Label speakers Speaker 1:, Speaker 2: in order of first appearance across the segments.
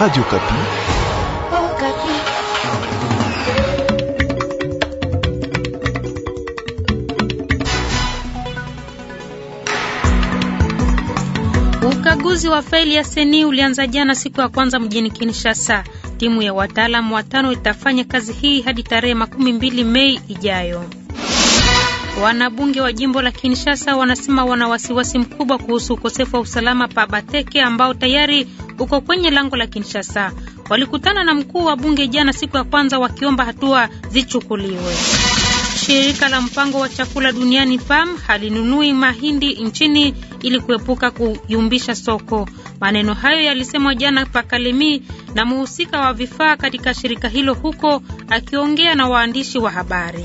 Speaker 1: Radio Kapi.
Speaker 2: Oh, Kapi.
Speaker 3: Ukaguzi wa faili ya seni ulianza jana siku ya kwanza mjini Kinshasa. Timu ya wataalamu watano itafanya kazi hii hadi tarehe makumi mbili Mei ijayo. Wanabunge wa jimbo la Kinshasa wanasema wana wasiwasi mkubwa kuhusu ukosefu wa usalama pa Bateke ambao tayari uko kwenye lango la Kinshasa. Walikutana na mkuu wa bunge jana siku ya kwanza wakiomba hatua zichukuliwe. Shirika la mpango wa chakula duniani PAM halinunui mahindi nchini ili kuepuka kuyumbisha soko. Maneno hayo yalisemwa jana Pakalemi na muhusika wa vifaa katika shirika hilo huko akiongea na waandishi wa habari.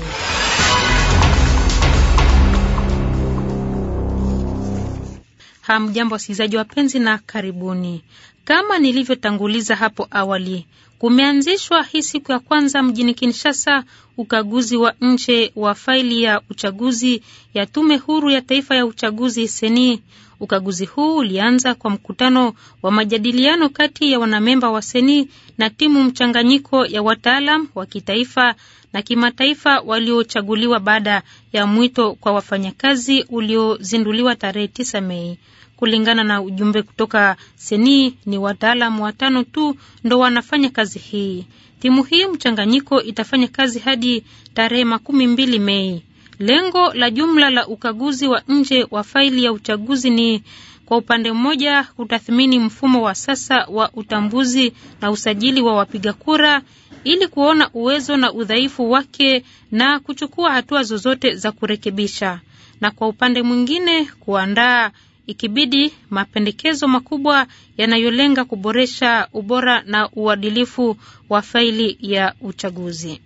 Speaker 3: Hamjambo wasikilizaji wapenzi, na karibuni. Kama nilivyotanguliza hapo awali, kumeanzishwa hii siku ya kwanza mjini Kinshasa ukaguzi wa nje wa faili ya uchaguzi ya tume huru ya taifa ya uchaguzi seni. Ukaguzi huu ulianza kwa mkutano wa majadiliano kati ya wanamemba wa seni na timu mchanganyiko ya wataalam wa kitaifa na kimataifa waliochaguliwa baada ya mwito kwa wafanyakazi uliozinduliwa tarehe 9 Mei. Kulingana na ujumbe kutoka Seni, ni wataalamu watano tu ndo wanafanya kazi hii. Timu hii mchanganyiko itafanya kazi hadi tarehe makumi mbili Mei. Lengo la jumla la ukaguzi wa nje wa faili ya uchaguzi ni kwa upande mmoja kutathmini mfumo wa sasa wa utambuzi na usajili wa wapiga kura ili kuona uwezo na udhaifu wake na kuchukua hatua zozote za kurekebisha, na kwa upande mwingine kuandaa ikibidi mapendekezo makubwa yanayolenga kuboresha ubora na uadilifu wa faili ya uchaguzi.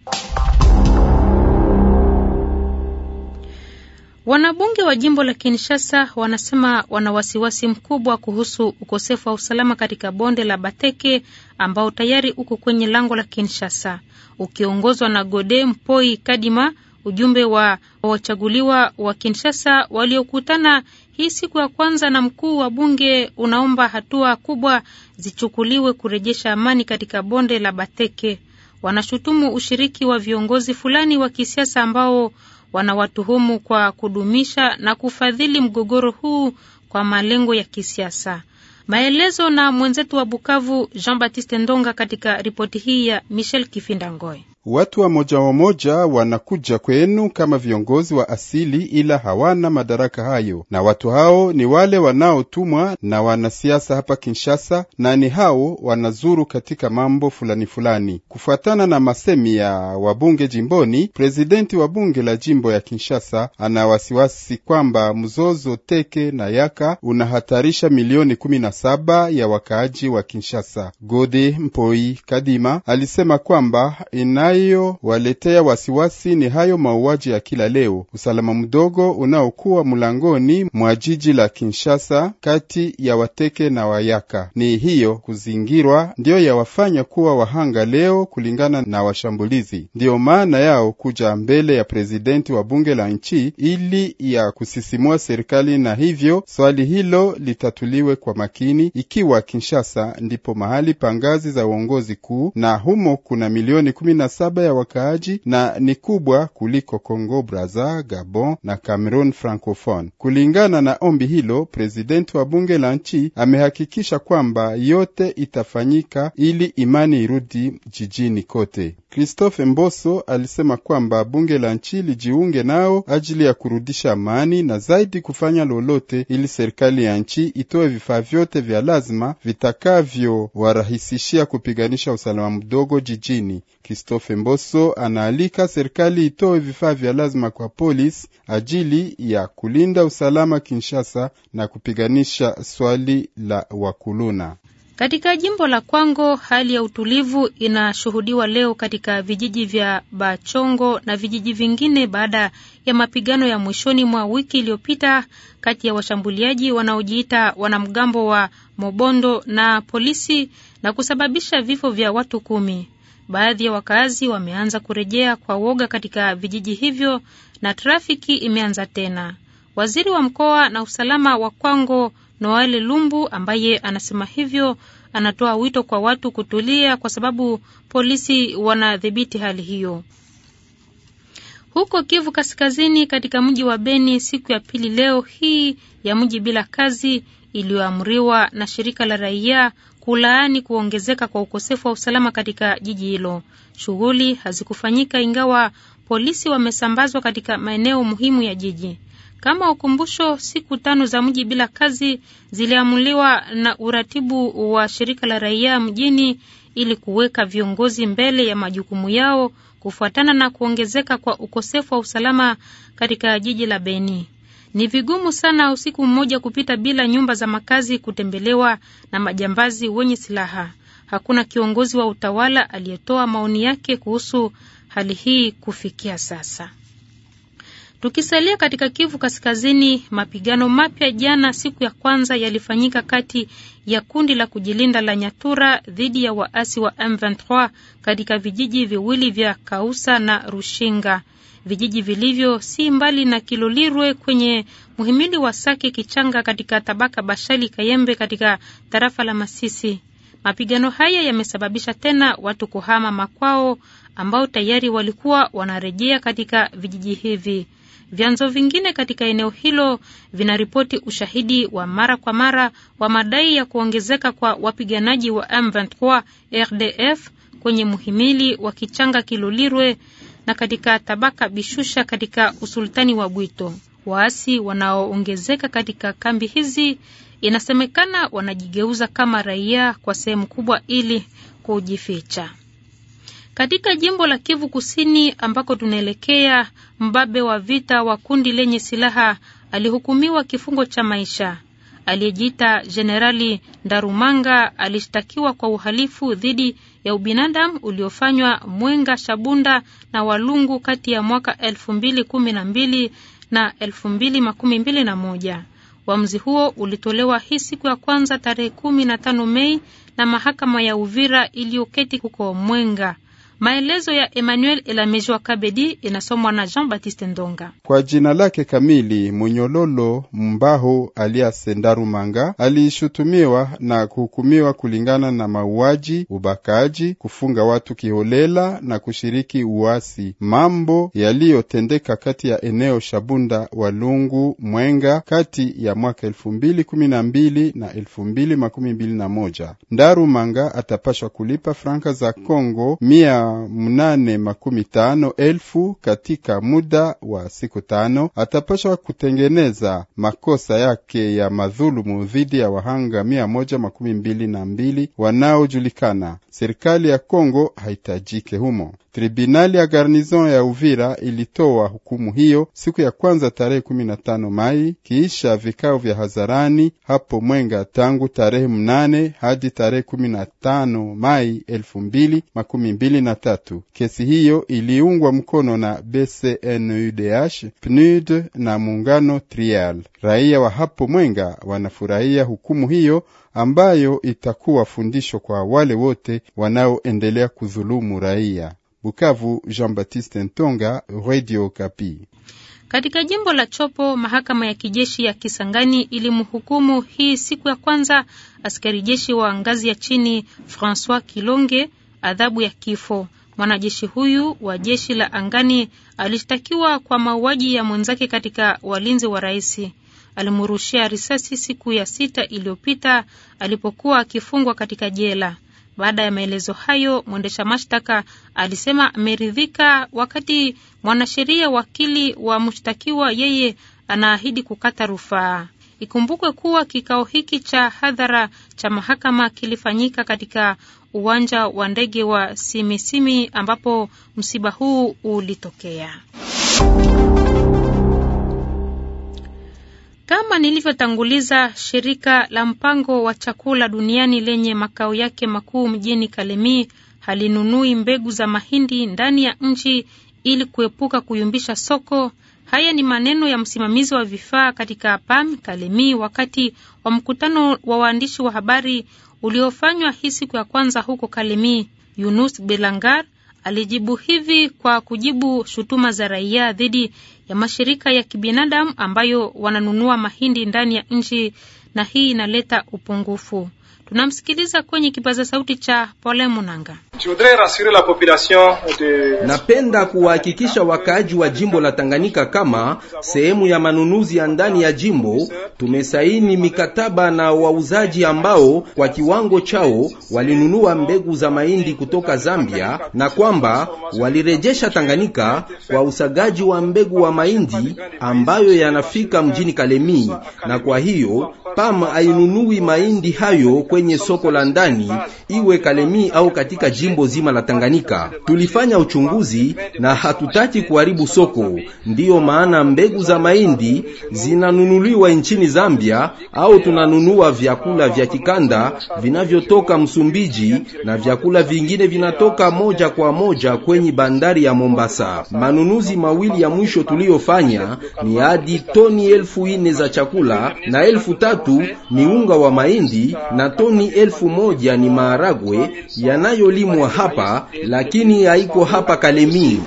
Speaker 3: Wanabunge wa jimbo la Kinshasa wanasema wana wasiwasi mkubwa kuhusu ukosefu wa usalama katika bonde la Bateke ambao tayari uko kwenye lango la Kinshasa, ukiongozwa na Gode Mpoi Kadima. Ujumbe wa wachaguliwa wa Kinshasa waliokutana hii siku ya kwanza na mkuu wa bunge unaomba hatua kubwa zichukuliwe kurejesha amani katika bonde la Bateke. Wanashutumu ushiriki wa viongozi fulani wa kisiasa ambao wanawatuhumu kwa kudumisha na kufadhili mgogoro huu kwa malengo ya kisiasa. Maelezo na mwenzetu wa Bukavu Jean Baptiste Ndonga katika ripoti hii ya Michel Kifinda
Speaker 2: Watu wa moja wa moja wanakuja kwenu kama viongozi wa asili, ila hawana madaraka hayo, na watu hao ni wale wanaotumwa na wanasiasa hapa Kinshasa, na ni hao wanazuru katika mambo fulani fulani. Kufuatana na masemi ya wabunge jimboni, prezidenti wa bunge la jimbo ya Kinshasa ana wasiwasi kwamba mzozo teke na yaka unahatarisha milioni kumi na saba ya wakaaji wa Kinshasa. Gode Mpoi Kadima alisema kwamba ina waletea wasiwasi ni hayo mauaji ya kila leo, usalama mdogo unaokuwa mlangoni mwa jiji la Kinshasa kati ya Wateke na Wayaka. Ni hiyo kuzingirwa ndiyo yawafanya kuwa wahanga leo, kulingana na washambulizi. Ndiyo maana yao kuja mbele ya prezidenti wa bunge la nchi ili ya kusisimua serikali, na hivyo swali hilo litatuliwe kwa makini, ikiwa Kinshasa ndipo mahali pa ngazi za uongozi kuu na humo kuna milioni kumi na saba ya wakaaji na ni kubwa kuliko Congo Braza, Gabon na Cameroon Francophone. Kulingana na ombi hilo, prezidenti wa bunge la nchi amehakikisha kwamba yote itafanyika ili imani irudi jijini kote. Christophe Mboso alisema kwamba bunge la nchi lijiunge nao ajili ya kurudisha amani na zaidi kufanya lolote ili serikali ya nchi itoe vifaa vyote vya lazima vitakavyowarahisishia kupiganisha usalama mdogo jijini. Christophe Femboso anaalika serikali itoe vifaa vya lazima kwa polisi ajili ya kulinda usalama Kinshasa na kupiganisha swali la wakuluna.
Speaker 3: Katika jimbo la Kwango hali ya utulivu inashuhudiwa leo katika vijiji vya Bachongo na vijiji vingine baada ya mapigano ya mwishoni mwa wiki iliyopita kati ya washambuliaji wanaojiita wanamgambo wa Mobondo na polisi na kusababisha vifo vya watu kumi baadhi ya wakazi wameanza kurejea kwa woga katika vijiji hivyo na trafiki imeanza tena. Waziri wa mkoa na usalama wa Kwango Noel Lumbu, ambaye anasema hivyo, anatoa wito kwa watu kutulia kwa sababu polisi wanadhibiti hali hiyo. Huko Kivu Kaskazini, katika mji wa Beni, siku ya pili leo hii ya mji bila kazi iliyoamriwa na shirika la raia kulaani kuongezeka kwa ukosefu wa usalama katika jiji hilo. Shughuli hazikufanyika ingawa polisi wamesambazwa katika maeneo muhimu ya jiji. Kama ukumbusho, siku tano za mji bila kazi ziliamuliwa na uratibu wa shirika la raia mjini ili kuweka viongozi mbele ya majukumu yao kufuatana na kuongezeka kwa ukosefu wa usalama katika jiji la Beni. Ni vigumu sana usiku mmoja kupita bila nyumba za makazi kutembelewa na majambazi wenye silaha. Hakuna kiongozi wa utawala aliyetoa maoni yake kuhusu hali hii kufikia sasa. Tukisalia katika Kivu Kaskazini, mapigano mapya jana, siku ya kwanza, yalifanyika kati ya kundi la kujilinda la Nyatura dhidi ya waasi wa M23 katika vijiji viwili vya Kausa na Rushinga vijiji vilivyo si mbali na Kilolirwe kwenye muhimili wa Sake Kichanga katika tabaka Bashali Kayembe katika tarafa la Masisi. Mapigano haya yamesababisha tena watu kuhama makwao ambao tayari walikuwa wanarejea katika vijiji hivi. Vyanzo vingine katika eneo hilo vinaripoti ushahidi wa mara kwa mara wa madai ya kuongezeka kwa wapiganaji wa M23 RDF kwenye muhimili wa Kichanga Kilolirwe na katika tabaka Bishusha katika usultani wa Bwito. Waasi wanaoongezeka katika kambi hizi inasemekana wanajigeuza kama raia kwa sehemu kubwa ili kujificha. Katika jimbo la Kivu Kusini ambako tunaelekea, mbabe wa vita wa kundi lenye silaha alihukumiwa kifungo cha maisha. Aliyejiita Jenerali Ndarumanga alishtakiwa kwa uhalifu dhidi ya ubinadamu uliofanywa Mwenga Shabunda na Walungu kati ya mwaka elfu mbili kumi na mbili na elfu mbili makumi mbili na moja. Uamuzi huo ulitolewa hii siku ya kwanza tarehe kumi na tano Mei na mahakama ya Uvira iliyoketi huko Mwenga. Maelezo ya Emmanuel Elamejwa Kabedi inasomwa na Jean Baptiste Ndonga.
Speaker 2: Kwa jina lake kamili Munyololo Mbaho alias Sendaru Manga alishutumiwa na kuhukumiwa kulingana na mauaji, ubakaji, kufunga watu kiholela na kushiriki uasi, mambo yaliyotendeka kati ya eneo Shabunda Walungu Mwenga kati ya mwaka elfu mbili kumi na mbili na elfu mbili makumi mbili na moja. Ndaru Manga atapashwa kulipa franka za congo mia munane makumi tano elfu katika muda wa siku tano, atapashwa kutengeneza makosa yake ya madhulumu dhidi ya wahanga mia moja makumi mbili na mbili wanaojulikana. Serikali ya Kongo haitajike humo. Tribunali ya Garnizon ya Uvira ilitoa hukumu hiyo siku ya kwanza tarehe 15 Mai kiisha vikao vya hadharani hapo Mwenga tangu tarehe mnane hadi tarehe 15 Mai elfu na tatu. Kesi hiyo iliungwa mkono na BCNUDH, PNUD na muungano Trial. Raia wa hapo Mwenga wanafurahia hukumu hiyo ambayo itakuwa fundisho kwa wale wote wanaoendelea kudhulumu raia. Bukavu, Jean-Baptiste Ntonga, Radio Kapi.
Speaker 3: Katika jimbo la Chopo, mahakama ya kijeshi ya Kisangani ilimhukumu hii siku ya kwanza askari jeshi wa ngazi ya chini Francois Kilonge adhabu ya kifo. Mwanajeshi huyu wa jeshi la angani alishtakiwa kwa mauaji ya mwenzake katika walinzi wa rais. alimurushia risasi siku ya sita iliyopita alipokuwa akifungwa katika jela. Baada ya maelezo hayo, mwendesha mashtaka alisema ameridhika, wakati mwanasheria wakili wa mshtakiwa yeye anaahidi kukata rufaa. Ikumbukwe kuwa kikao hiki cha hadhara cha mahakama kilifanyika katika uwanja wa ndege wa Simisimi ambapo msiba huu ulitokea. Kama nilivyotanguliza, shirika la mpango wa chakula duniani lenye makao yake makuu mjini kalemi halinunui mbegu za mahindi ndani ya nchi ili kuepuka kuyumbisha soko. Haya ni maneno ya msimamizi wa vifaa katika PAM kalemi wakati wa mkutano wa waandishi wa habari uliofanywa hii siku ya kwanza huko kalemi Yunus Belangar alijibu hivi kwa kujibu shutuma za raia dhidi ya mashirika ya kibinadamu ambayo wananunua mahindi ndani ya nchi na hii inaleta upungufu. Tunamsikiliza kwenye kipaza sauti cha Pole Munanga.
Speaker 4: Napenda kuwahakikisha wakaaji wa jimbo la Tanganyika kama sehemu ya manunuzi ya ndani ya jimbo tumesaini mikataba na wauzaji ambao kwa kiwango chao walinunua mbegu za mahindi kutoka Zambia na kwamba walirejesha Tanganyika kwa usagaji wa mbegu wa mahindi ambayo yanafika mjini kalemii na kwa hiyo PAM ainunui mahindi hayo kwenye soko la ndani, iwe Kalemi au katika jimbo zima la Tanganyika. Tulifanya uchunguzi na hatutaki kuharibu soko, ndiyo maana mbegu za mahindi zinanunuliwa nchini Zambia au tunanunua vyakula vya kikanda vinavyotoka Msumbiji na vyakula vingine vinatoka moja kwa moja kwenye bandari ya Mombasa. Manunuzi mawili ya mwisho tuliyofanya ni hadi toni elfu ine za chakula na elfu tatu tatu ni unga wa mahindi na toni elfu moja ni maharagwe yanayolimwa hapa, lakini haiko hapa Kalemi.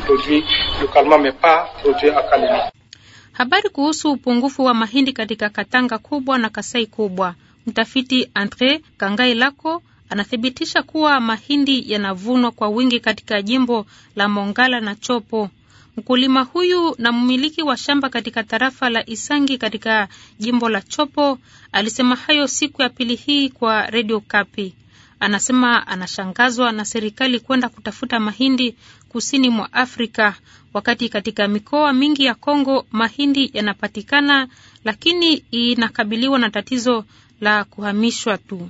Speaker 3: Habari kuhusu upungufu wa mahindi katika Katanga kubwa na Kasai kubwa. Mtafiti Andre Kangai Lako anathibitisha kuwa mahindi yanavunwa kwa wingi katika jimbo la Mongala na Chopo. Mkulima huyu na mmiliki wa shamba katika tarafa la Isangi katika jimbo la Chopo alisema hayo siku ya pili hii kwa Radio Kapi. Anasema anashangazwa na serikali kwenda kutafuta mahindi kusini mwa Afrika wakati katika mikoa mingi ya Kongo mahindi yanapatikana, lakini inakabiliwa na tatizo la kuhamishwa tu.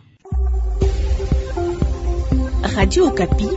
Speaker 3: Radio Kapi.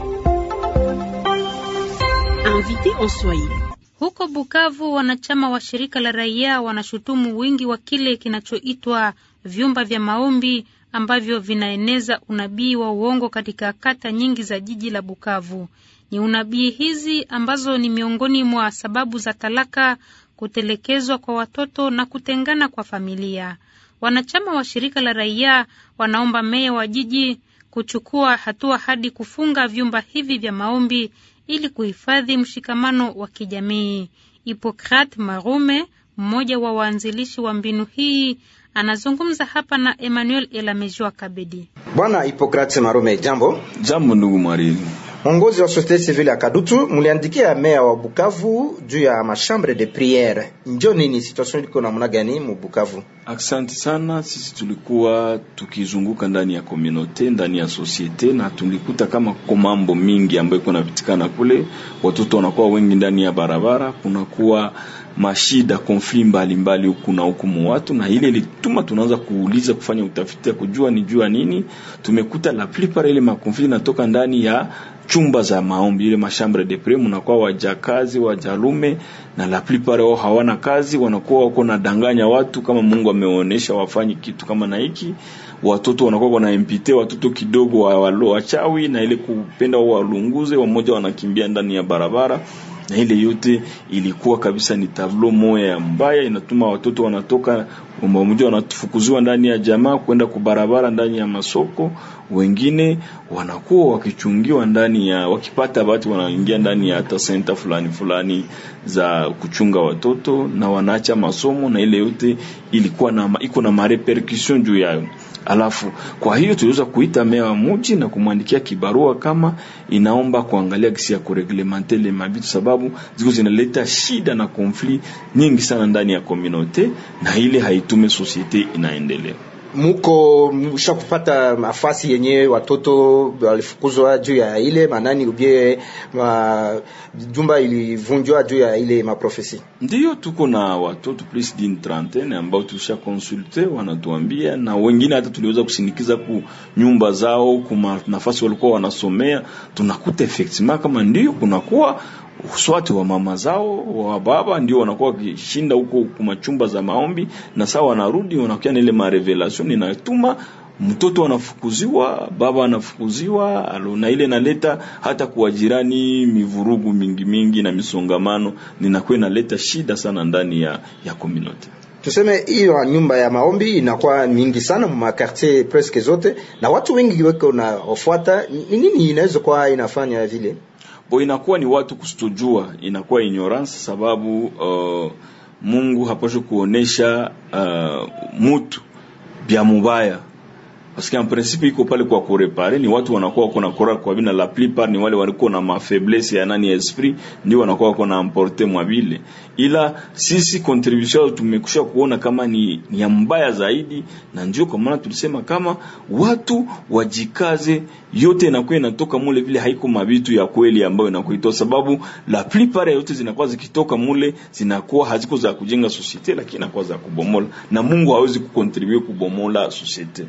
Speaker 3: Invité en Swahili. Huko Bukavu, wanachama wa shirika la raia wanashutumu wingi wa kile kinachoitwa vyumba vya maombi ambavyo vinaeneza unabii wa uongo katika kata nyingi za jiji la Bukavu. Ni unabii hizi ambazo ni miongoni mwa sababu za talaka, kutelekezwa kwa watoto na kutengana kwa familia. Wanachama wa shirika la raia wanaomba meya wa jiji kuchukua hatua hadi kufunga vyumba hivi vya maombi ili kuhifadhi mshikamano wa kijamii. Hipokrat Marume, mmoja wa waanzilishi wa mbinu hii, anazungumza hapa na Emmanuel Elamejua Kabedi.
Speaker 5: Bwana Hipokrat Marume, jambo. Jambo ndugu mwariri Mwongozi wa societe civile ya Kadutu muliandikia meya wa Bukavu juu ya mashambre de priere. Njo nini situation liko namna gani mu Bukavu?
Speaker 1: Aksanti sana. Sisi tulikuwa tukizunguka ndani ya komunote, ndani ya societe, na tulikuta kama komambo mingi ambayo kunapitikana kule, watoto wanakuwa wengi ndani ya barabara, kunakuwa mashida konfli mbalimbali huku na huku mu watu, na ile ilituma tunaanza kuuliza kufanya utafiti ya kujua ni jua nini. Tumekuta la plupart ile makonfli natoka ndani ya chumba za maombi ile mashambre de priere, mnakuwa wajakazi wajalume, na la plupart wao hawana kazi, wanakuwa wako nadanganya watu kama Mungu ameonyesha wafanye kitu kama na hiki. Watoto wanakuwa wanaimpite watoto kidogo wa wachawi, na ile kupenda walunguze wamoja, wanakimbia ndani ya barabara na ile yote ilikuwa kabisa ni tablo moya ya mbaya, inatuma watoto wanatoka mmoja wanafukuziwa ndani ya jamaa kwenda kubarabara, ndani ya masoko, wengine wanakuwa wakichungiwa ndani ya, wakipata bahati wanaingia ndani ya hata senta fulani fulani za kuchunga watoto na wanaacha masomo, na ile yote ilikuwa na iko na marepercussion juu yayo. Alafu kwa hiyo tuliweza kuita mea wa mji na kumwandikia kibarua kama inaomba kuangalia kisi ya kureglementer le mabitu sababu sababu ziko zinaleta shida na konfli nyingi sana ndani ya komunote, na ile haitume sosiete inaendelea.
Speaker 5: Muko msha kupata mafasi yenye watoto walifukuzwa juu ya ile manani ubie ma, jumba ilivunjwa
Speaker 1: juu ya ile maprofesi. Ndiyo tuko na watoto plus din trentaine ambao tusha konsulte, wanatuambia na wengine hata tuliweza kusindikiza ku nyumba zao, ku nafasi walikuwa wanasomea. Tunakuta effectivement kama ndio kunakuwa swati wa mama zao wa baba ndio wanakuwa wakishinda huko kumachumba za maombi, na saa wanarudi wanakuwa na ile marevelation inatuma mtoto anafukuziwa, baba anafukuziwa, na ile naleta hata kwa jirani mivurugu mingi mingi na misongamano, ninakuwa inaleta shida sana ndani ya, ya community.
Speaker 5: Tuseme hiyo nyumba ya maombi inakuwa mingi sana mu quartier presque zote, na watu wengi na naofuata. Ni nini inaweza kuwa inafanya vile?
Speaker 1: bo inakuwa ni watu kustujua inakuwa ignorance sababu uh, Mungu hapashi kuonesha uh, mutu bya mubaya parce que en principe iko pale kwa kurepare, ni watu wanakuwa wako na kora kwa vina, la plupart ni wale walikuwa na mafaiblesse ya nani esprit, ndio wanakuwa wako na importe mwa vile. Ila sisi contribution tumekusha kuona kama ni, ni ya mbaya zaidi, na ndio kwa maana tulisema kama watu wajikaze, yote inakuwa inatoka mule vile, haiko mabitu ya kweli ambayo inakuitoa, sababu la plupart yote zinakuwa zikitoka mule zinakuwa haziko za kujenga society, lakini inakuwa za kubomola, na Mungu hawezi kucontribute kubomola society.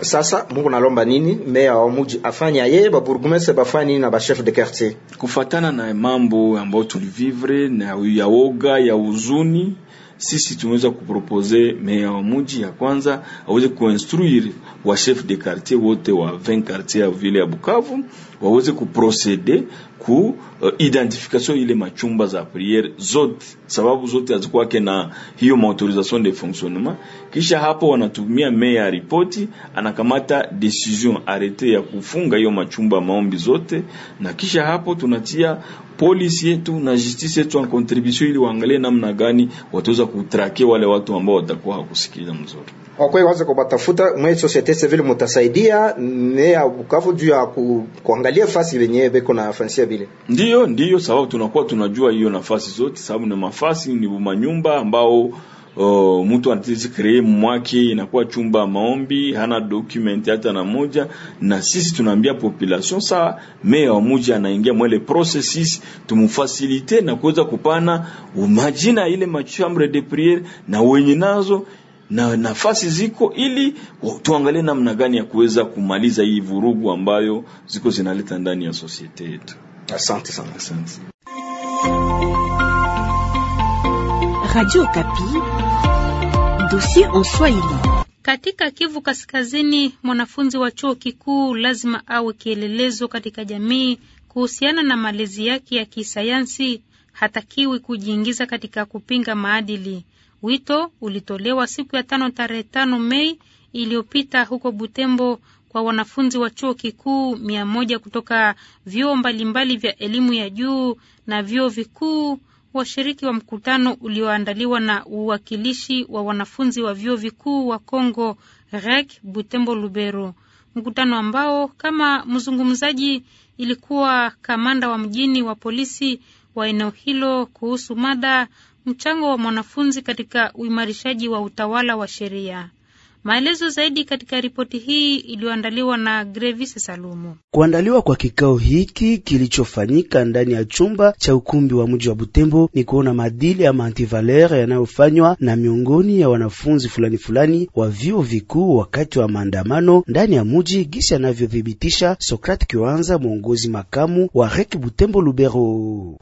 Speaker 1: Sasa Mungu nalomba nini meya wa muji afanya ye baburgumese bafanya nini na bashef de quartier, kufatana na mambo ambayo tulivivre na ya woga ya uzuni sisi tumeweza kupropose meya wa muji ya kwanza aweze kuinstruire wa chef de quartier wote wa 20 quartier ya vile ya Bukavu waweze kuprocede ku uh, identification ile machumba za priere zote, sababu zote hazikuwake na hiyo motorisation de fonctionnement. Kisha hapo wanatumia meya ya ripoti, anakamata decision arete ya kufunga hiyo machumba maombi zote, na kisha hapo tunatia polisi yetu na justice yetu en contribution, ili waangalie namna gani wataweza kutrake wale watu ambao watakuwa hakusikiliza mzuri.
Speaker 5: Kwa kweli, kwanza kubatafuta mwe societe civile mutasaidia ne ya Bukavu juu ya
Speaker 1: kuangalia fasi wenyewe beko na fansia vile. Ndiyo, ndiyo sababu tunakuwa tunajua hiyo nafasi zote, sababu na mafasi ni manyumba ambao Uh, mtu anatizi kree mwake inakuwa chumba maombi, hana document hata na moja, na sisi tunaambia population saa mea wa muji anaingia mwele processes tumufasilite na kuweza kupana umajina ile machambre de priere na wenye nazo na nafasi ziko, ili tuangalie namna gani ya kuweza kumaliza hii vurugu ambayo ziko zinaleta ndani ya society yetu. Asante sana, asante.
Speaker 3: Radio Kapi, dossier en Swahili. Katika Kivu Kaskazini, mwanafunzi wa chuo kikuu lazima awe kielelezo katika jamii kuhusiana na malezi yake ya kisayansi. Hatakiwi kujiingiza katika kupinga maadili. Wito ulitolewa siku ya tano tarehe tano Mei iliyopita huko Butembo kwa wanafunzi wa chuo kikuu mia moja kutoka vyuo mbalimbali vya elimu ya juu na vyuo vikuu, washiriki wa mkutano ulioandaliwa na uwakilishi wa wanafunzi wa vyuo vikuu wa congo REC Butembo Lubero, mkutano ambao kama mzungumzaji ilikuwa kamanda wa mjini wa polisi wa eneo hilo kuhusu mada mchango wa mwanafunzi katika uimarishaji wa utawala wa sheria. Maelezo zaidi katika ripoti hii iliyoandaliwa na Grevis Salumu.
Speaker 6: Kuandaliwa kwa kikao hiki kilichofanyika ndani ya chumba cha ukumbi wa mji wa Butembo ni kuona maadili ama antivalere yanayofanywa na miongoni ya wanafunzi fulani fulani wa vyuo vikuu wakati wa maandamano ndani ya mji, gisha anavyothibitisha Sokrat Kiwanza, mwongozi makamu wa REK Butembo Lubero.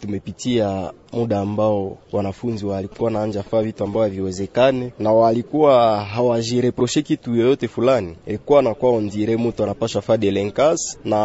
Speaker 5: Tumepitia muda ambao wanafunzi walikuwa naanja faa vitu ambao haviwezekane na walikuwa hawajire kuproshe kitu yoyote fulani, ilikuwa nakuwa ondire mtu anapasha fa delenkasi, na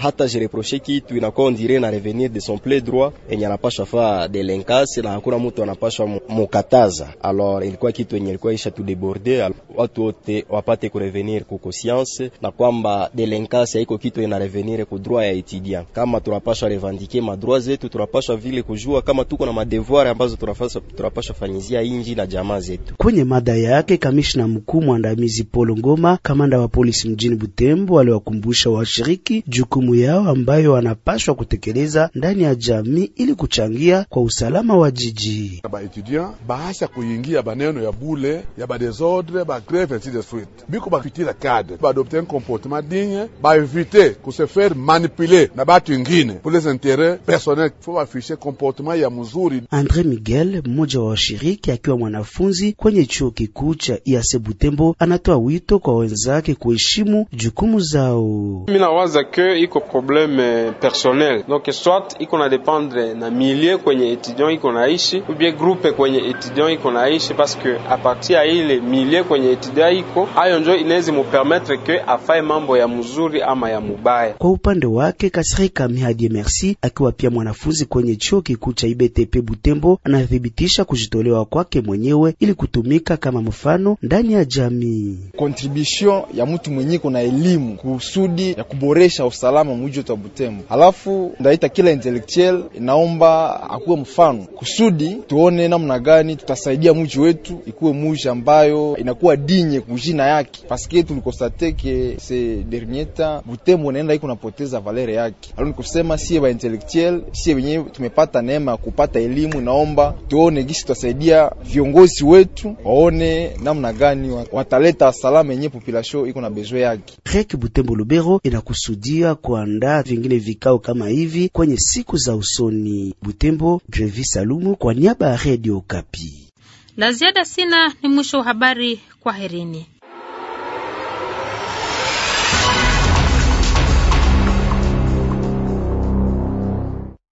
Speaker 5: hata jireproshe kitu inakuwa ondire na revenir de son plein droit enye anapasha fa delenkasi, na hakuna mtu anapasha mukataza. Alors ilikuwa kitu enye ilikuwa isha tu deborde, watu wote wapate revenir ku conscience na kwamba delenkasi haiko kitu ina revenir ku droit ya etidia. Kama tunapasha revandike madroit zetu, tunapasha vile kujua kama tuko na madevoir ambazo tunapasha tunapasha fanyizia inji na jamaa zetu.
Speaker 6: Kwenye mada yake kamishna mkuu mwandamizi Paul Ngoma, kamanda wa polisi mjini Butembo, aliwakumbusha washiriki jukumu yao ambayo wanapaswa kutekeleza ndani ya jamii ili kuchangia kwa usalama wa jiji. Baetudiant
Speaker 2: baasha kuingia baneno ya bule ya badesordre bagreve ainsi de suite biko bapitila kade baadopte un comportement digne baevite kusefere faire manipuler na batu ingine pour les intérêts personnels, fo bafishe comportement ya
Speaker 6: mzuri. Andre Miguel, mmoja wa washiriki akiwa mwanafunzi kwenye chuo kikuu cha IASE Butembo Lukwebo anatoa wito kwa wenzake kuheshimu jukumu zao.
Speaker 2: Mimi nawaza ke iko probleme personnel donc soit iko na dependre na milie kwenye etudiant iko naishi ou bien groupe kwenye etudiant iko naishi parce que a partir ya ile milie kwenye etudiant iko ayo njo inaweza mupermetre ke afaye mambo ya mzuri ama ya mubaya.
Speaker 6: Kwa upande wake Kasirika Mihadie Merci akiwa pia mwanafunzi kwenye chuo kikuu cha IBTP Butembo anathibitisha kujitolewa kwake mwenyewe ili kutumika kama mfano ndani ya jamii jamii.
Speaker 4: Kontribution ya mtu mwenye kuna elimu kusudi ya kuboresha usalama muji wetu wa Butembo. Halafu ndaita kila intelektuel inaomba akuwe mfano kusudi tuone namna gani tutasaidia muji wetu ikuwe muji ambayo inakuwa dinye kujina yake, paske tulikostateke se dernieta Butembo naenda iko napoteza valeur yake. Alafu nikusema siye ba intelektuel siye wenye tumepata neema ya kupata elimu, naomba tuone gisi tutasaidia viongozi wetu waone namna gani wa wataleta salama yenye population iko na besoin yake.
Speaker 6: Rek Butembo Lubero inakusudia kuandaa vingine vikao kama hivi kwenye siku za usoni. Butembo Drevi Salumu kwa niaba ya Radio Kapi.
Speaker 3: La ziada sina, ni mwisho wa habari. herini.